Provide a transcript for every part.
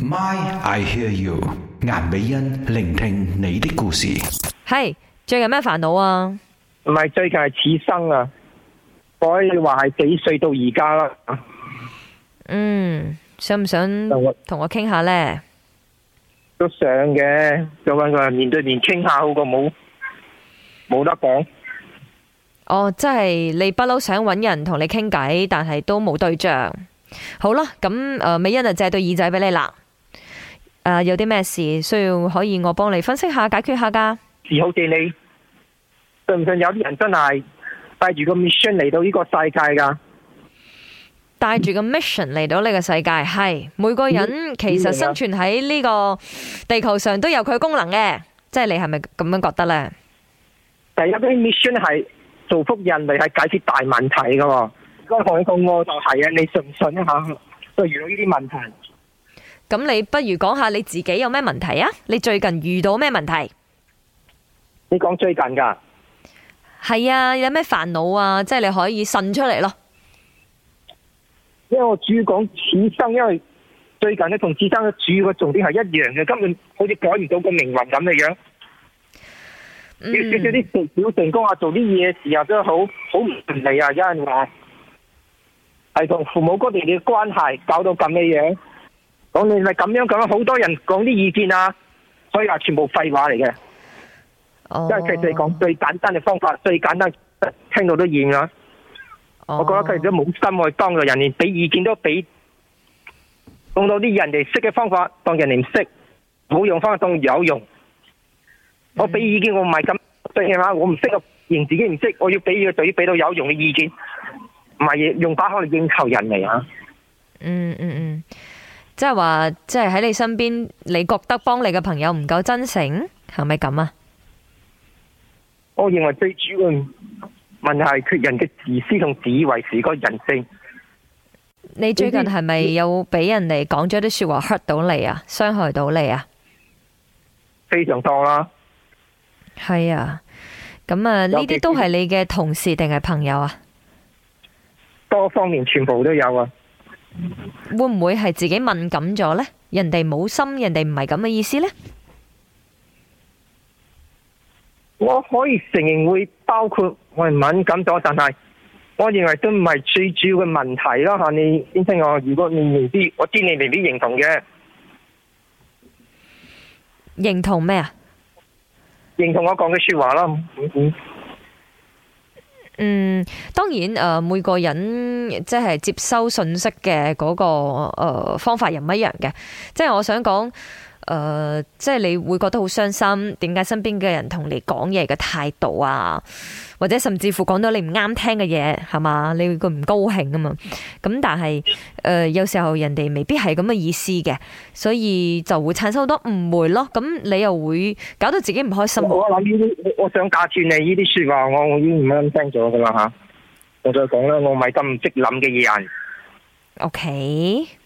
My I hear you，顏美欣聆聽你的故事。係、hey, 最近咩煩惱啊？唔係最近，係此生啊。所以話係幾歲到而家啦？嗯，想唔想同我傾下呢？都想嘅，就搵個人面對面傾下好過冇，冇得講。哦，即係你不嬲想揾人同你傾偈，但係都冇對象。好啦，咁誒，美欣就借對耳仔俾你啦。誒、呃，有啲咩事需要可以我幫你分析下解決下噶？好，借你信唔信有啲人真係帶住個 mission 嚟到呢個世界噶？帶住個 mission 嚟到呢個世界，係每個人其實生存喺呢個地球上都有佢功能嘅，即係你係咪咁樣覺得呢？第一個 mission 係造福人類，係解決大問題噶。而家海控我就係、是，啊，你信唔信一下都遇到呢啲問題？咁你不如講下你自己有咩問題啊？你最近遇到咩問題？你講最近噶？係啊，有咩煩惱啊？即係你可以滲出嚟咯。因為我主要講此生，因為最近呢同此生嘅主要嘅重點係一樣嘅，根本好似改唔到個命運咁嘅樣。少少啲小成功啊，做啲嘢事啊，事情都好好唔順利啊，有人話係同父母嗰邊嘅關係搞到咁嘅樣。我哋咪咁樣咁樣，好多人講啲意見啊，所以話全部廢話嚟嘅。哦，即係佢哋講最簡單嘅方法，最簡單聽到都厭啦。Oh. 我覺得佢哋都冇心去幫助人，連俾意見都俾，用到啲人哋識嘅方法，當人哋唔識，冇用方法當有用。我俾意見我，我唔係咁對嘅吓，我唔識啊，認自己唔識，我要俾嘅就要俾到有用嘅意見，唔係用把口嚟應求人嚟啊、嗯。嗯嗯嗯。即係話，即係喺你身邊，你覺得幫你嘅朋友唔夠真誠，係咪咁啊？我認為最主要問題係缺人嘅自私同自以為是個人性。你最近係咪有俾人哋講咗啲說話 hurt 到你啊？傷害到你啊？非常多啦。係啊，咁啊，呢啲、啊、都係你嘅同事定係朋友啊？多方面，全部都有啊。會唔會係自己敏感咗呢？人哋冇心，人哋唔係咁嘅意思呢。我可以承認會包括我係敏感咗，但係我認為都唔係最主要嘅問題啦。吓，你先聽我，如果你未必，我知你未必認同嘅，認同咩啊？認同我講嘅說話啦。嗯嗯。嗯，當然，誒、呃、每個人即係接收信息嘅嗰、個、呃、方法又唔一樣嘅，即係我想講。誒、呃，即係你會覺得好傷心，點解身邊嘅人同你講嘢嘅態度啊，或者甚至乎講到你唔啱聽嘅嘢，係嘛？你會佢唔高興啊嘛？咁但係誒，有時候人哋未必係咁嘅意思嘅，所以就會產生好多誤會咯。咁你又會搞到自己唔開心啊。我諗呢啲，我想假設你呢啲說話，我已經唔啱聽咗噶啦吓。我再講啦，我唔係咁唔識諗嘅人。O、okay、K。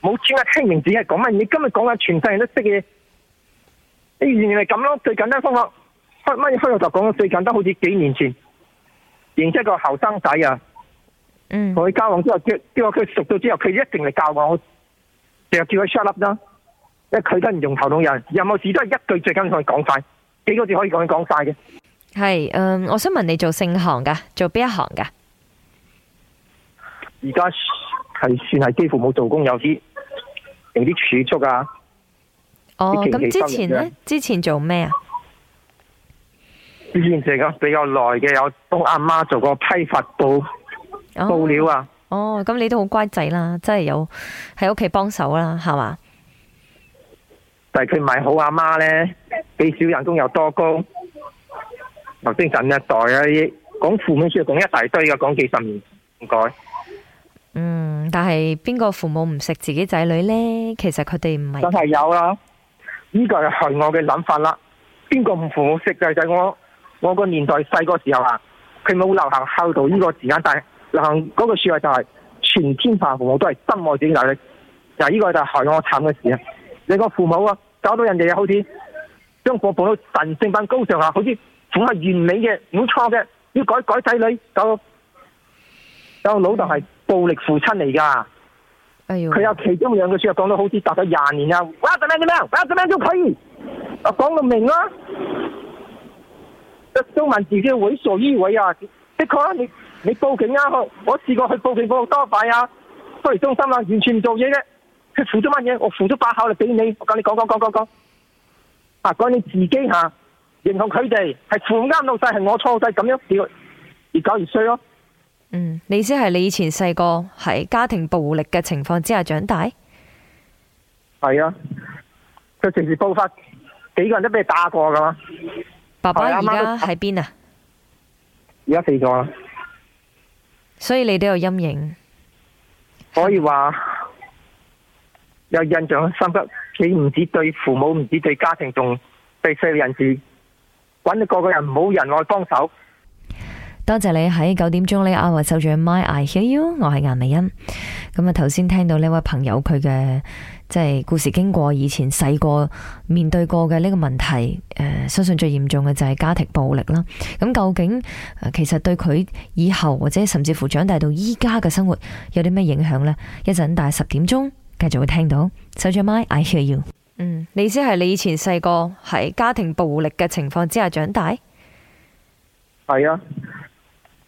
冇專啊，聽名字，係講乜？你今日講下，全世界都識嘢。你、哎、原嚟咁咯。最簡單的方法，開乜嘢開頭就講到最簡單，好似幾年前認識一個後生仔啊。嗯，同佢交往之後，叫叫佢熟咗之後，佢一定嚟教我。成日叫佢 shut up 啦，因為佢都唔用頭腦人，有冇事都係一句最簡單同佢講晒，幾個字可以講講晒嘅。係，嗯、呃，我想問你做聖行噶，做邊一行噶？而家係算係幾乎冇做工有啲。用啲儲蓄啊！奇奇啊哦，咁之前咧，之前做咩啊？之前成個比較耐嘅，有幫阿媽，媽做個批發布布料啊。哦，咁、哦、你都好乖仔啦，真係有喺屋企幫手啦、啊，係嘛？但係佢唔係好阿媽咧？畀少人工又多高？頭先近一代啊！講父母先講一大堆嘅，講幾十年唔該。嗯，但係邊個父母唔食自己仔女咧？其實佢哋唔係真係有啦，呢個係害我嘅諗法啦。邊個唔父母食仔仔？我我個年代細個時候啊，佢冇流行孝道呢個字眼，但係流行嗰句說話就係、是、全天下父母都係心愛自己仔女，但係呢個就係害我慘嘅事啊！你個父母啊，搞到人哋好似將父母到神聖品高尚下，好似寵物完美嘅，唔錯嘅，要改改仔女，搞到。搞老豆係。暴力父親嚟噶，佢、哎、呦有其中兩句說，又講到好似達到廿年呀、啊！哇！做咩做咩？哇！做咩做佢？我講到明啦、啊、都問自己為所欲為啊！的確、啊，你你報警啊？我試試過去報警嗰個多快啊，拘留中心啊，完全唔做嘢嘅、啊，佢付咗乜嘢？我付咗把口嚟俾你，我講你講講講講講，啊講你，你，你，你自己吓、啊，然後佢哋係負啱老細，係我錯細，咁樣越越搞越衰咯、啊。嗯，你意思係你以前細個喺家庭暴力嘅情況之下長大？係啊。就平時爆發幾個人都俾你打過噶。爸爸而家喺邊啊？而家死咗，所以你都有陰影，可以話有印象深刻。你唔止對父母，唔止對家庭，仲對社會人士，揾你個個人冇人愛幫手。多謝你喺九點鐘呢，阿華收住麥，I hear you，我係顏美欣。咁啊，頭先聽到呢位朋友佢嘅，即係故事經過，以前細個面對過嘅呢個問題，誒，相信最嚴重嘅就係家庭暴力啦。咁究竟其實對佢以後或者甚至乎長大到依家嘅生活有啲咩影響呢？一陣大十點鐘繼續會聽到收住麥，I hear you。嗯，你意思係你以前細個喺家庭暴力嘅情況之下長大？係啊。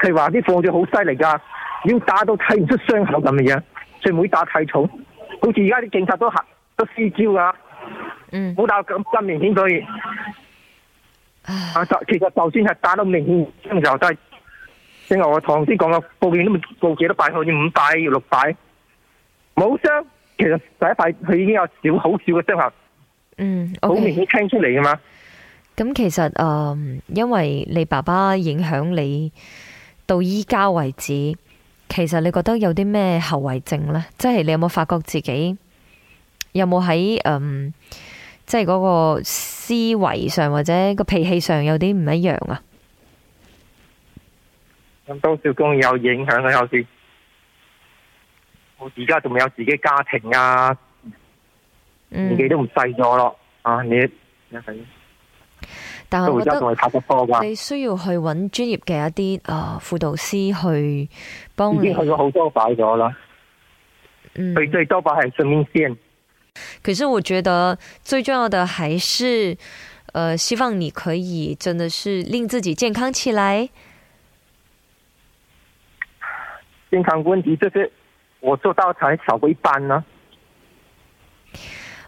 佢話啲放咗好犀利噶，要打到睇唔出傷口咁嘅樣，最唔會打太重。好似而家啲警察都吓都撕招噶，唔好、嗯、打咁咁明顯，所以唉啊，其實就算係打到明顯，有時候都係正話我堂先講嘅，報警都唔報幾多塊，好似五塊六塊冇傷，其實第一塊佢已經有少好少嘅傷痕，嗯，好、okay、明顯聽出嚟噶嘛。咁、嗯、其實誒、呃，因為你爸爸影響你。到依家為止，其實你覺得有啲咩後遺症呢？即係你有冇發覺自己有冇喺即係嗰個思維上或者個脾氣上有啲唔一樣啊？咁多少公有影響啊？有時我而家仲未有自己家庭啊，年紀、嗯、都唔細咗咯啊！你，你睇但係我覺得你需要去揾專業嘅一啲啊輔導師去幫你。已經去咗好多擺咗啦。嗯。對多擺係生命線。可是我覺得最重要的還是，呃，希望你可以真的是令自己健康起來。健康問題就是我做到才少過一半呢，啊。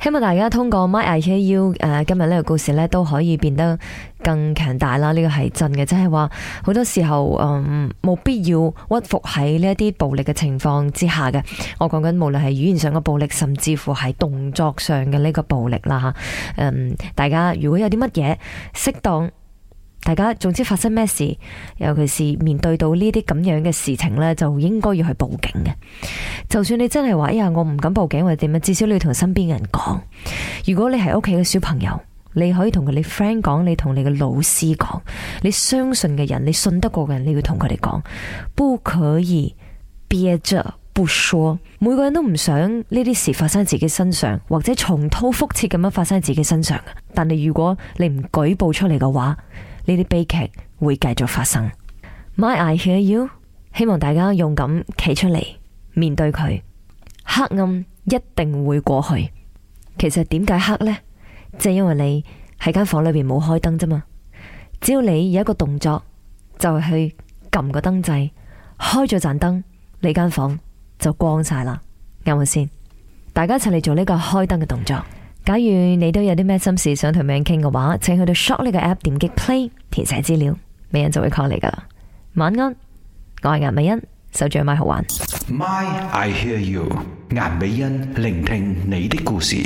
希望大家通過 My I K U 誒，今日呢個故事呢都可以變得更強大啦！呢個係真嘅，即係話好多時候嗯，冇必要屈服喺呢一啲暴力嘅情況之下嘅。我講緊無論係語言上嘅暴力，甚至乎係動作上嘅呢個暴力啦吓。嗯，大家如果有啲乜嘢適當。大家總之發生咩事，尤其是面對到呢啲咁樣嘅事情呢，就應該要去報警嘅。就算你真係話，哎呀，我唔敢報警或者點樣，至少你要同身邊嘅人講。如果你係屋企嘅小朋友，你可以同你 friend 講，你同你嘅老師講，你相信嘅人，你信得過嘅人，你要同佢哋講。不可以憋着不說。每個人都唔想呢啲事發生喺自己身上，或者重蹈覆轍咁樣發生喺自己身上嘅。但係如果你唔舉報出嚟嘅話，呢啲悲劇會繼續發生。My I hear you，希望大家勇敢企出嚟面對佢，黑暗一定會過去。其實點解黑呢？即係因為你喺間房裏邊冇開燈啫嘛。只要你有一個動作，就係去撳個燈掣，開咗盞燈，你間房就光晒啦。啱咪先？大家一齊嚟做呢個開燈嘅動作。假如你都有啲咩心事想同美人傾嘅話，請去到 Shop 呢個 App 點擊 Play，填寫資料，美人就會 call 你噶啦。晚安，我係顏美欣，手掌買好玩。My I hear you，顏美欣聆聽你的故事。